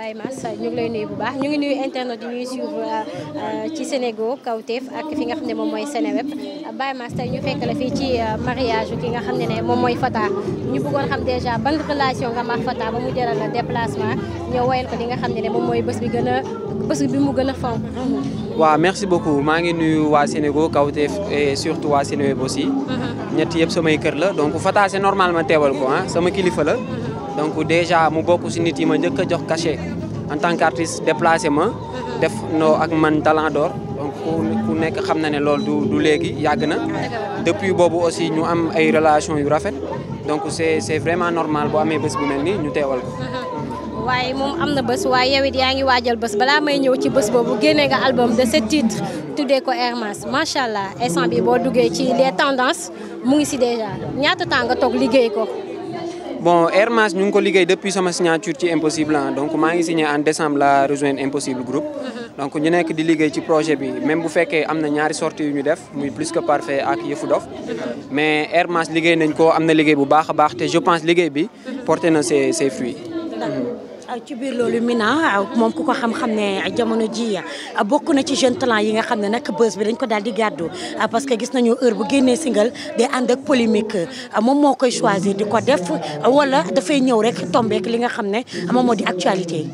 Baye Mass ñu ngi lay nuyu bu baax ñu ngi nuyu internet yi ñuy suivre euh, ci Sénégo Kawtef ak fi nga xam ne moom mooy Seneweb fii ci euh, mariage ki nga xam ne moom mooy Fata ñu bëggoon xam déjà ban relation nga ma Fata ba mu jëral la ñoo woyal ko li nga xam ne moom mooy bés bi gën a bi mu gën a fonk waaw merci beaucoup maa ngi nuyu waa Sénégo Kawtef surtout waa Seneweb aussi mhm. ñett yëpp samay kër la donc Fata c'est normal teewal ko ah sama kilifa la mhm. donc déjà mu bokk si nit yi ma njëkk a jox cachet en tant qu'artiste déplacé ma def noo ak man talent d'or donc ku nekk xam na ne loolu du du léegi yàgg na depuis boobu aussi ñu am ay relation yu rafet donc c'est c'est vraiment normal bu amee bés bu mel nii ñu teewal ko waaye moom am na bés waaye yow it yaa ngi waajal bés balaa may ñëw ci bés boobu génnee nga album de sept titres tuddee ko Hermas macha allah instant bi boo duggee ci les tendances mu ngi si déjà ñaata temps toog liggéey ko bon Air Mass ñu ngi ko liggéey depuis sama signature ci Impossible ah donc maa ngi signé en décembre la rejoindre Impossible Group. Mhm. donc ñu nekk di liggéey ci projet bi même bu fekkee am na ñaari sorties yu ñu def muy plus que parfait ak yëfu dof mhm. mais Air Mass liggéey nañ ko am na liggéey bu baax a baax te je pense liggéey bi mhm. porté na ses ses fruits. ci biir loolu Mina moom ku ko xam-xam ne jamono ji bokk na ci jeune talent yi nga xam ne nag bës bi dañ ko daal di gàddu parce que gis nañu heure bu génnee singal day ànd ak polémique moom moo koy choisir di ko def wala dafay ñëw rek tombeek li nga xam ne moom moo di actualité yi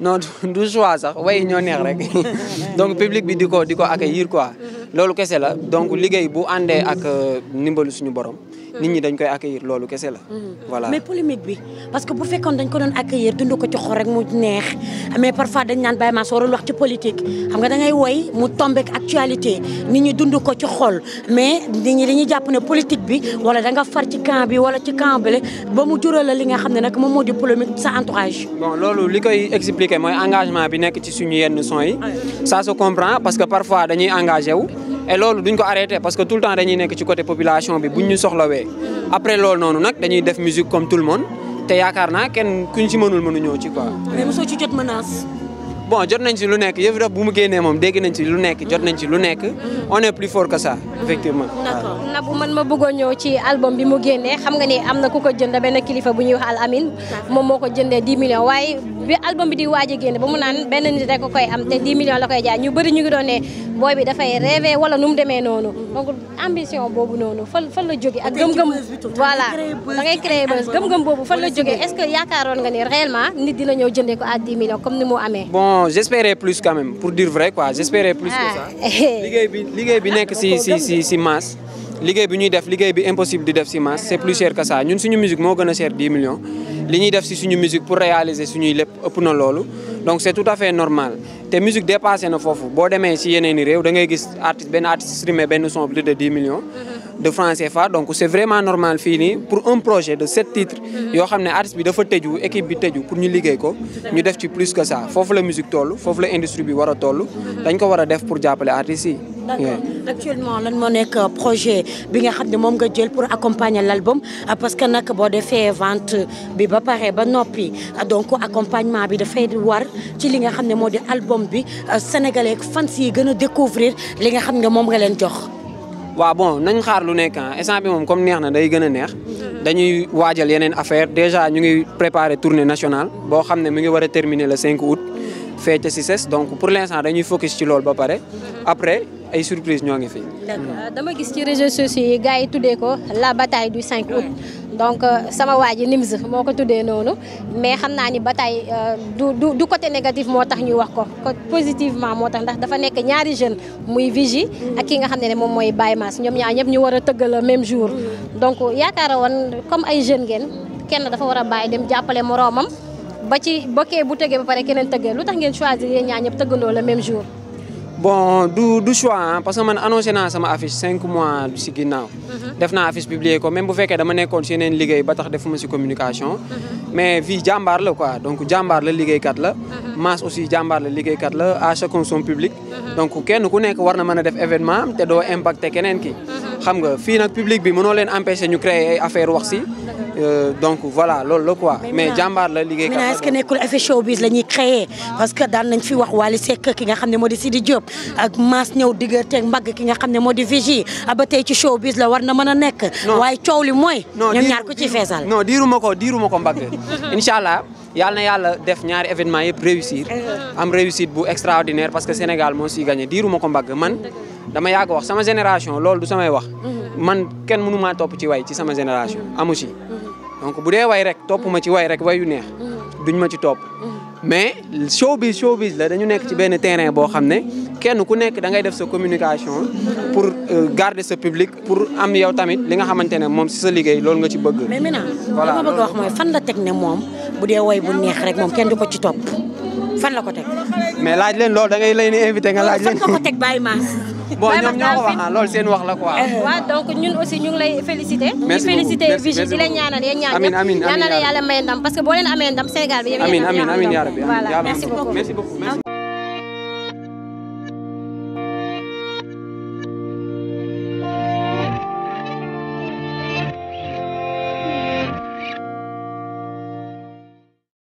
non du choix sax way neex rek donc public bi di ko di ko accueillir quoi loolu kese la donc liggéey bu àndee ak euh, ndimbalu suñu borom. Mm-hmm. nit ñi dañ koy accueillir loolu kese la. Mm-hmm. voilà mais polémique bi parce que bu fekkoon dañ ko doon accueillir dund ko ci xor rek mu neex mais parfois dañ naan Baye Mass warul ci politique xam nga da mu tombé ak actualité nit ñi dund ko ci xol mais nit ñi dañuy jàpp ne politique bi wala danga nga far ci camp bi wala ci camp bële ba mu jural la li nga xam ne nag moom moo di polémique sa entourage. bon loolu li koy expliquer mooy engagement bi nekk ci suñu yenn son yi. sa ah se comprend parce que parfois dañuy engagé wu. e loolu duñ ko arrêté parce que tout le temps dañuy nekk ci côté population bi buñ ñu soxlawee après loolu noonu nag dañuy def musique comme tout le monde te yaakaar naa kenn kuñ ci mënul mënu ñëw ci quoi. mais mosoo jot menace. bon jot nañ ci lu nekk yëpp rek bu mu génnee moom dégg nañ ci lu nekk jot nañ ci lu nekk on est plus fort que ça effectivement. d'accord man ma bëggoon ñëw ci album bi mu génnee xam nga ni am na ku ko jënd benn kilifa bu ñuy Al Amin moom moo ko jëndee 10 millions waaye. bi album bi di waaj a génn ba mu naan benn nit rek koy am te 10 millions la koy jaay ñu bëri ñu ngi doon ne booy dafay rêvé wala nu mu demee noonu donc ambition boobu noonu fan fan la jóge ak gëm-gëm boobu fan la jóge est-ce que yaakaaroon nga ni réellement nit dina ñëw jëndee ko à 10 millions comme ni mu amee bon j'espérais plus quand pour dire vrai quoi j'espérais plus que ah. ça liggéey bi liggéey bi nekk si si si si liggéey bi ñuy def liggéey bi impossible di def si masse c'est plus cher que ça ñun suñu musique moo gën a cher 10 li ñuy def si suñu musique pour réaliser suñuy lépp ëpp na loolu donc c'est tout à fait normal te musique dépassé na foofu boo demee si yeneen i réew da ngay gis artiste benn artiste streamé benn son plus de million millions de francs CFA donc c'est vraiment normal fii nii pour un projet de sept titres yoo xam ne artiste bi dafa tëju équipe bi tëju pour ñu liggéey ko ñu def ci plus que ça la musique toll foofu la industrie bi war a toll dañ ko war def pour jàppale artistes d'accord actuellement lan moo nekk euh, projet bi nga xam ne moom nga jël pour accompagner l'album euh, parce que nag boo defee vente bi ba pare ba noppi euh, donc accompagnement bi dafay war ci li nga xam ne moo di album bi sénégalais ak fans gën a découvrir li nga xam ne moom nga leen jox. waaw bon nañ xaar lu nekk instant bi moom comme neex na day gën a neex mm-hmm. dañuy waajal yeneen affaire déjà ñu ngi préparer tournée nationale boo xam ne mu ngi war a terminer la 5 août. fee ca CICES donc pour l' instant dañuy focus ci loolu ba pare mhm. après ay surprise ñoo ngi fi. Mhm. dama gis ci réseaux sociaux yi gars yi tuddee ko la bataille du 5 août. donc euh, sama waa ji NIMS moo ko tuddee noonu mais xam naa ni bataille euh, du du du côté négatif moo tax ñu wax ko positivement moo tax ndax dafa nekk ñaari jeune muy Vigie mhm. ak ki nga xam ne moom mooy Baye Mass ñoom ñaar ñëpp ñu war a tëgg le même jour. donc yaakaar woon comme ay jeunes ngeen kenn dafa war a bàyyi dem jàppale moroomam. ba ci bokkee bu tegee ba pare keneen tëggee lu tax ngeen choisir yéen ñaar ñëpp tëggandoo le même jour. bon du du choix parce que man annoncé naa sama affiche cinq mois si ginnaaw. Mhm. def naa affiche publier ko même bu fekkee dama nekkoon si yeneen liggéey ba tax defuma si communication. Mhm. mais fii jàmbaar la quoi donc jàmbaar la liggéeykat la. Mhm. Mass aussi jàmbaar la liggéeykat la a chacun son public. donc kenn ku nekk war na mën a def événement te doo impacté keneen ki. xam nga fii nag public bi mënoo leen empêcher ñu créer ay wax si euh, donc voilà loolu la quoi. mais jàmbaar la liggéey. kat est-ce que nekkul la ñuy créer parce que daan nañ fi wax Wally Seck ki nga xam ne moo di di Diop ak Mass ñëw digganteeg mbagg ki nga xam ne moo di Vigie ah, ba tey ci showbiz la war na mën a nekk. waaye coow li mooy. ñoom ñaar ko ci feesal. non diiruma ko diiruma ko mbag incha allah yàlla na yàlla def ñaari événement yëpp réussir. am réussite bu extraordinaire parce que Sénégal moo siy gagné diiruma ko mbagg man. dama yàgg wax sama génération loolu du samay wax. Mhm. man kenn mënu maa topp ci way ci sama génération mhm. amu si. Mhm. donc bu dee way rek topp ma ci way rek way yu neex. duñ ma ci topp. mais showbiz showbiz la dañu nekk ci benn terrain boo xam ne kenn ku nekk da ngay def sa communication pour euh, garder sa public pour am yow tamit li nga xamante ne moom si sa liggéey loolu nga ci bëgg. mais maintenant voilà li ma bëgg fan la teg ne moom bu dee way bu neex rek moom kenn di ko ci topp fan la ko teg. mais laaj leen loolu da ngay invité nga laaj leen. fan nga ko bon ñoom ñoo ko wax ah loolu seen wax la ko eh, waaw donc ñun aussi ñu ngi lay féliciter. merci beaucoup féliciter Vigie di la ñaanal yéen ñaanal yàlla may ndam parce que boo leen amee Sénégal bi. amiin amiin amiin yaa merci beaucoup